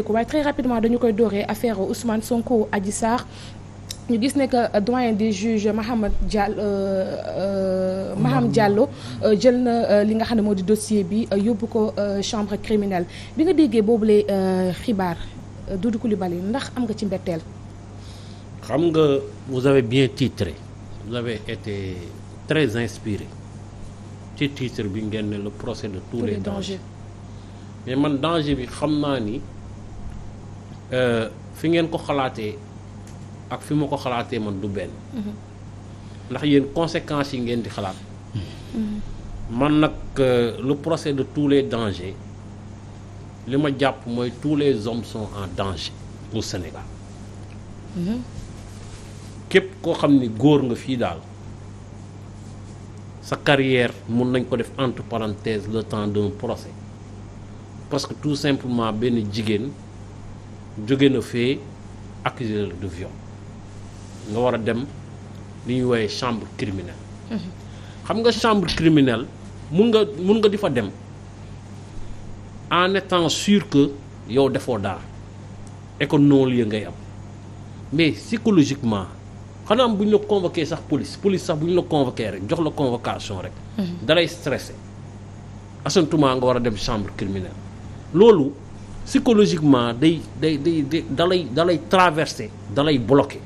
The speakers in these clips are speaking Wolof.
sukkandiku waaye très rapidement dañu koy dooree affaire Ousmane Sonko Adji Sarr ñu gis ne que euh, doyen des juges Mahamad Diallo euh, euh, Maham jàllo jël na li nga xam ne moo di dossier bi yóbbu ko chambre criminelle bi nga déggee boobule xibaar du Doudou Coulibaly ndax am nga ci mbetteel. xam nga vous avez bien titré vous avez été très inspiré ci titre bi ngeen ne le procès de tous les dangers mais man danger bi xam naa ni. Euh, fi ngeen ko xalaatee ak fi ma ko xalaatee man du benn mm-hmm. ndax yéen conséquences yi ngeen di xalaat mm-hmm. man nag euh, le procès de tous les dangers li ma jàpp mooy tous les hommes sont en danger au Sénégal mm-hmm. képp koo xam ni góor nga fii daal sa carrière mun nañ ko def entre parenthèses le temps d'un procès parce que tout simplement benn jigéen jóge na fee accusé la de viol nga war a dem li ñuy woowee chambre criminelle mm-hmm. xam nga chambre criminelle mun nga mun nga di fa dem en étant sûr que yow defoo daal et que non ngay am mais psychologiquement xanaa bu ñu la convoqué sax police police sax bu ñu la convoqué rek jox la convocation rek. Mm-hmm. dalay stressé asantuma nga war a dem chambre criminelle loolu. psychologiquement day day day day dalay dalay traversé dalay bloqué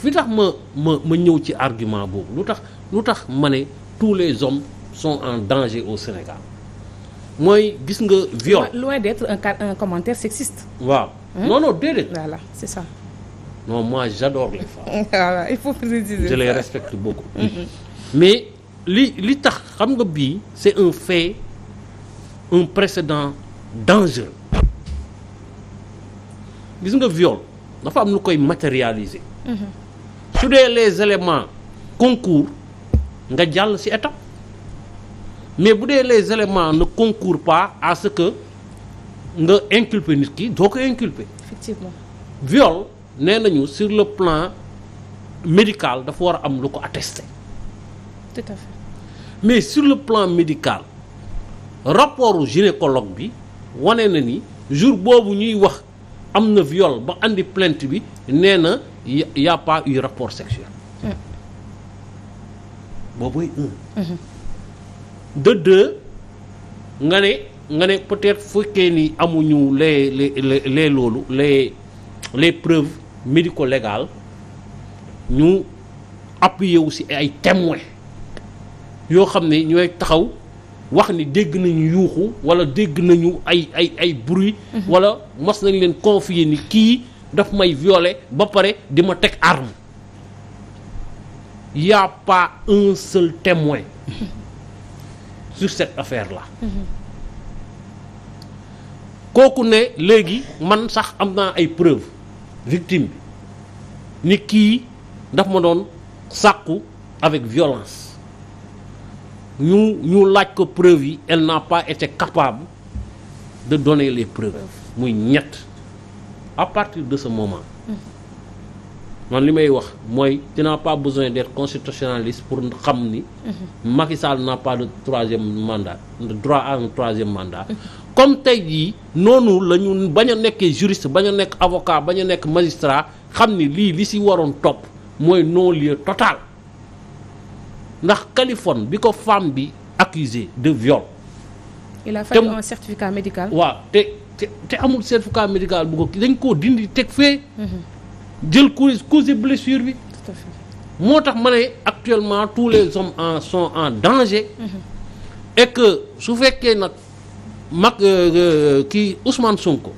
fi tax ma ma ma ñëw ci argument boobu lu tax lu tax ma ne tous les hommes son en danger au Sénégal mooy gis nga viol loin d'être un, un commentaire sexiste waaw hein? non non déedéet voilà c'est ça non moi j'adore les femmes je les respecte beaucoup mhm. mais li li tax xam nga bii c'est un fait un précédent dangereux gis nga viol dafa am lu koy matérialiser. Mhm. su dee les éléments concours nga jàll ci étape mais bu dee les éléments na concourent pas à ce que nga inculper nit ki doo ko inculper. effectivement viol nee nañu sur le plan médical dafa war a am lu ko attester. tout à mais sur le plan médical rapport gynécologue bi. wane na ni jour boobu ñuy wax am na viol ba andi plainte bi nee na y' a rapport sexuel. Mm. boobu un. Mm-hmm. de deux nga ne nga ne peut-être fekkee ni amuñu les les loolu les les preuves médico-légales ñu appuyer wu si ay témoins yoo xam ne ñooy taxaw. wax ni dégg nañu yuuxu wala dégg nañu ay ay ay bruit mhm. wala mas nañ leen confie ni kii daf may violer ba pare di ma teg arme y a pas un seul témoin mhm. sur cette affaire là mhm. kooku ne léegi man sax am naa ay preuve victime bi ni kii daf ma doon sàkku avec violence ñu ñu laaj ko preuve yi elle n'a pas été capable de donner les preuves muy ñett à partir de ce moment man li may wax mooy tu n'as pas besoin d'être constitutionnaliste pour xam ni Macky Sall de troisième mandat de droit à un troisième mandat comme tey jii noonu la ñu bañ a nekkee juriste bañ a nekk avocat bañ a nekk magistrat xam ni lii li si waroon topp mooy non-lieu total ndax Californie bi ko femme bi accusé de viol. il a fallu un certificat médical. waaw te te te amul certificat médical bu ko dañ koo dindi teg fee. Mhm. jël cause cause blessure bi. moo tax ma ne actuellement tous les hommes en son en danger. Mhm. et que su fekkee nag mag euh, euh, kii Ousmane Sonko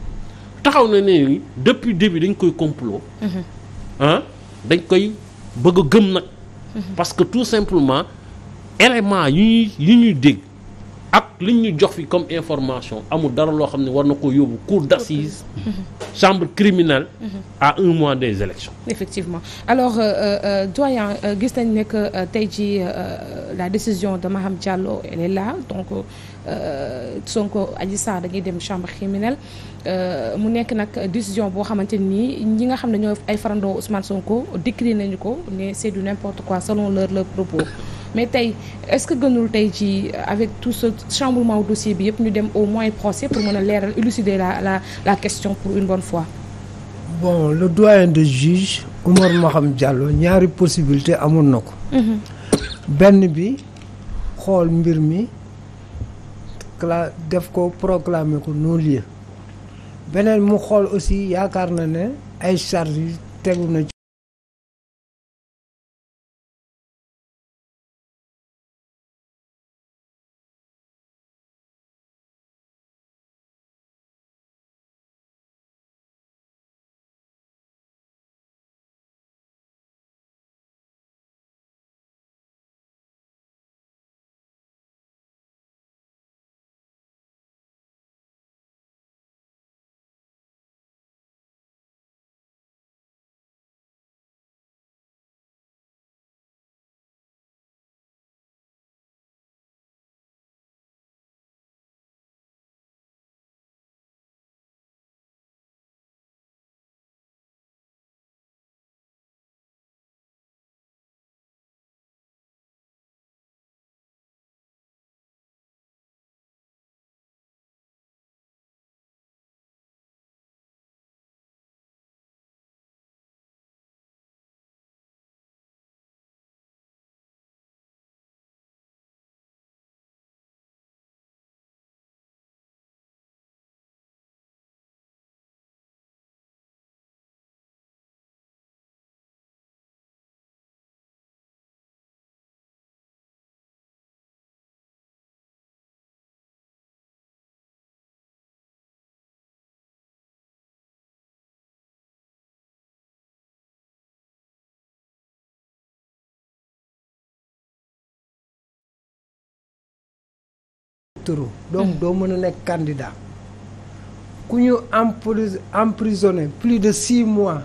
taxaw na ne ni depuis début dañ koy complot. Mhm. dañ koy bëgg gëm nag. parce que tout simplement élément yi ñuy ñuy dégg ak li ñu jox fi comme information amul dara loo xam ne war na ko yóbbu cour d'assises chambre criminal à un mois des élections effectivement alors euh, euh, euh, doyan gis nañ ne que tey jii la décision dama xam Diallo elle est là donc Sonko Adji Sarr dañuy dem chambre criminelle mu nekk nag décision boo xamante nii ñi nga xam ne ñoo ay farandoo Ousmane Sonko décliné nañu ko ne c'est du n'importe quoi selon leur leur propos mais tey est-ce que gënul tey ci euh, avec tout ce chamboulement dossier bi yëpp ñu dem au moins procès pour mën a leeral élucider la la question pour une bonne fois. bon le doyen de juge Oumar xam Diallo ñaari possibilité amoon na ko. Mhm. benn bi xool mbir mi cla def ko proclamer ko non-lieu beneen mu xool aussi yaakaar na ne ay charges tegu na électoraux. donc mm. doo mën a nekk candidat ku ñu empris emprisonné plus de six mois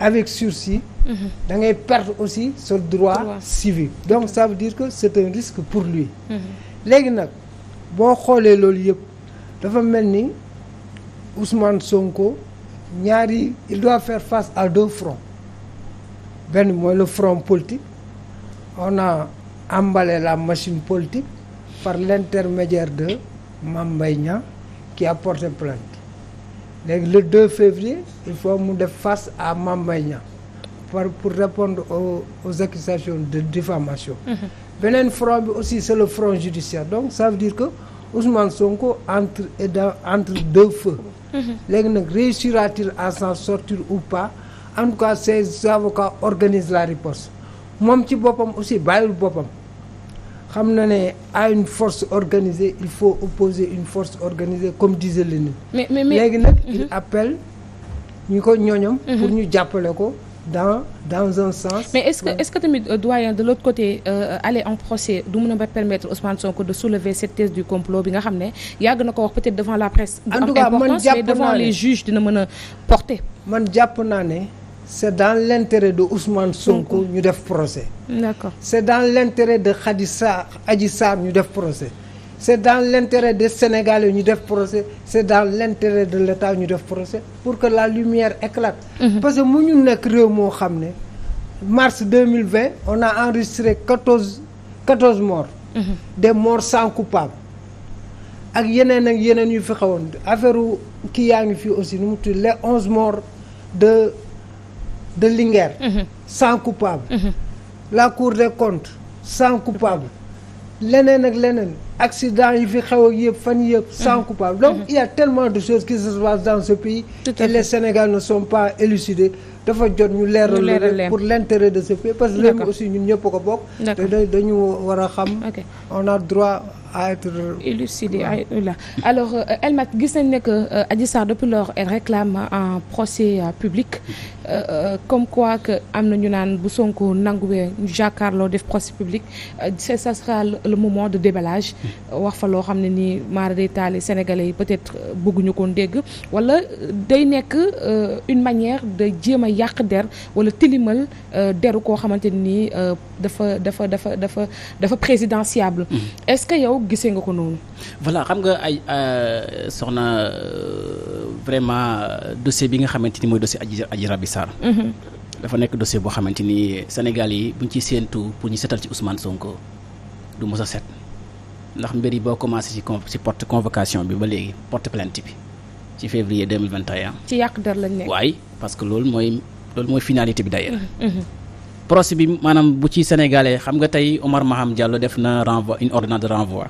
avec sursis. Mm-hmm. da ngay perdre aussi sa droit civique. donc ça veut dire que c'est un risque pour lui. Mm-hmm. léegi nag boo xoolee loolu yëpp dafa mel ni Ousmane Sonko ñaari il doit faire face à deux fronts benn mooy le front politique on a emballé la machine politique. par l'intermédiaire de Mame Mbaye Niang qui a porté léegi le 2 février il faut mu def face à Mame Mbaye Niang par pour répondre aux, aux accusations de diffamation mm -hmm. beneen front bi aussi c'est le front judiciaire donc ça veut dire que Ousmane Sonko entre entre deux feux mhm. léegi nag réussira-t-il à s'en sortir ou pas en tout cas ses avocats organisent la riposte moom ci boppam aussi bàyyil boppam xam na ne à une force organisée il faut opposer une force organisée comme disait Lénine mais mais mais léegi nag il mm-hmm. appelle ñu ko ñooñam mm-hmm. pour ñu jàppale ko dans dans un sens. mais est-ce que est-ce que tamit euh, doyen de l'autre côté euh, aller en procès du mën a ba permettre Ousmane Sonko de soulever cette thèse du complot bi nga xam ne yàgg na ko wax peut-être devant la presse. en tout cas man jàpp naa ne devant les juges man jàpp naa ne. c'est dans l'intérêt de Ousmane Sonko ñu def procès d'accord c'est dans l'intérêt de Khady Sarr ñu def procès c'est dans l'intérêt de Sénégalais ñu def procès c'est dans l'intérêt de l'État ñu def procès pour que la lumière éclate mm parce que mu ñu nekk réew moo xam ne mars 2020 on a enregistré 14 14 morts mm -hmm. des morts sans coupable ak yeneen ak yeneen yu fi xewoon affaire u kii yaa ngi fii aussi nu mu tudd les 11 morts de de Linguère. Mm-hmm. sans coupable. Mm-hmm. la cour des comptes sans coupable. leneen ak leneen accident y fi xew ak yëpp fan yëpp mm-hmm. sans coupable donc il tellement de choses qui se passent dans ce pays et les Sénégalais ne sont pas élucidés dafa jot ñu leeral leen pour l'intérêt de ce pays parce que réew aussi ñun ñëpp ko bokk te dañu war a xam on a droit à être élucidé là alors euh, Elmat gis nañ ne que euh, Adji Sarr depuis lors elle réclame un procès euh, public comme quoi que am na ñu naan bu Sonko nanguwee ñu jàkkaarloo def procès public c'est ça sera le moment de déballage wax fa loo xam ne nii mara day taali sénégalais yi peut-être bëgguñu koon dégg wala day nekk une manière de jéem yàq der wala tilimal euh, deru koo xamante ni euh, dafa dafa dafa dafa dafa présidentiable. Mhm. est-ce que yow gisee nga ko noonu. voilà xam nga ay euh, soxna vraiment dossier bi nga xamante ni mooy dossier Adji Adji Raby Sarr. Mhm. dafa nekk dossier boo xamante ni Sénégal yi buñ ci séentu pour ñu setal ci Ousmane Sonko du mos a set ndax mbir yi boo commencé ci con ci porte convocation bi ba léegi porte plainte bi ci février ci yàq der lañ nekk parce que loolu mooy loolu mooy finalité bi d'ailleurs. Mm-hmm. Mm-hmm. procès bi maanaam bu ci sénégalais xam nga tey Omar Maham Diallo def na renvoi une ordonnance de renvoi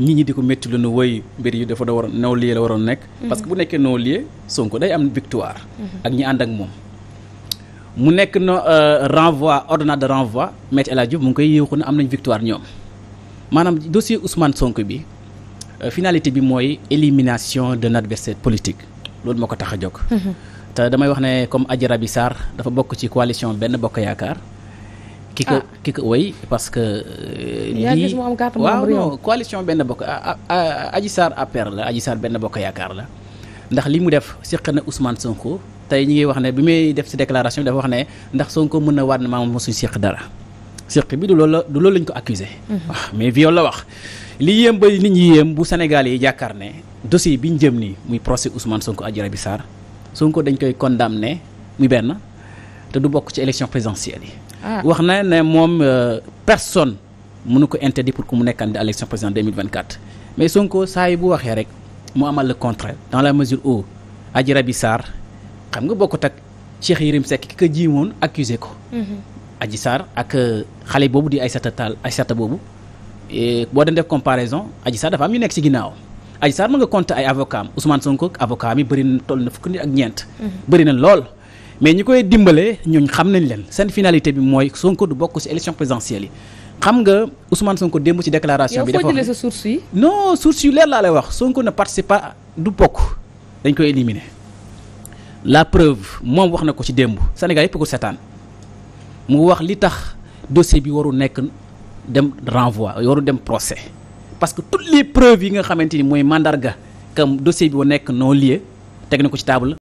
nit ñi di ko métti lu nu woy mbir yu dafa da waroon non waroon nekk. Mm-hmm. parce que bu nekkee non-lieu Sonko day am victoire. ak ñi ànd ak moom. mu nekk na euh, renvoi ordonnance de renvoi Maître El Hadji Diouf mu ngi koy yéexu ne am nañ victoire ñoom maanaam dossier Ousmane sonk bi euh, finalité bi mooy élimination de nat politique. loolu moo ko tax a jóg. Mhm. te damay wax ne comme Adji Raby Sarr dafa bokk ci coalition benn bokk yaakaar. ki ko ah. ki ko wéy parce que. yaa euh, gis mu am carte waaw non coalition benn bokk Adji Sarr APR la Adji Sarr benn bokk yaakaar la. ndax li mu def seq na Ousmane Sonko tey ñu ngi wax ne bi muy def si déclaration bi dafa wax ne ndax ko mën na waat ne maam mosuñ seq dara seq bi du loolu la du loolu lañ ko accusé. waaw mhm. ah, mais viol la wax. li yéem ba nit ñi yéem bu Sénégal yi jàkkaar ne dossier bi ñu jëm nii muy procès Ousmane Sonko Adji Raby Sarr Sonko dañ koy condamné muy benn te du bokk ci élection présidentielle yi. Ah. wax na ne moom euh, personne mënu ko interdit pour que mu nekk candidat élection présidentielle 2024. mais Sonko saa yi bu waxee rek mu amal le contraire dans la mesure où Adji Raby xam nga bokkut ak Cheikh Yérim Seck ki ko jiimoon accusé ko. Mhm. Adji Sarr ak euh, xale boobu di ay Aïssata ay Aïssata boobu. boo doon def comparaison Adji Sarr dafa am ñu nekk ci ginnaaw Adji Sarr mën nga compter ay avocat am Ousmane Sonko avocat mi bëri na toll na fukki nit ak ñeent. Mhm. bëri na lool mais ñi koy dimbale ñooñ xam nañ leen seen finalité bi mooy Sonko du bokk ci élection présidentielle yi. xam nga Ousmane Sonko démb ci déclaration bi. dafa wax yow foo jëlee sa source yi. non source yu leer laa lay wax Sonko ne participe pas du bokk dañ koy éliminer la preuve moom wax na ko ci démb Sénégal yëpp ko seetaan mu li tax dossier bi waru nekk. dem renvoi yoru dem procès parce que toutes les preuves yi nga xamante ni mooy mandarga que dossier bi nekk non lieu teg na ko ci table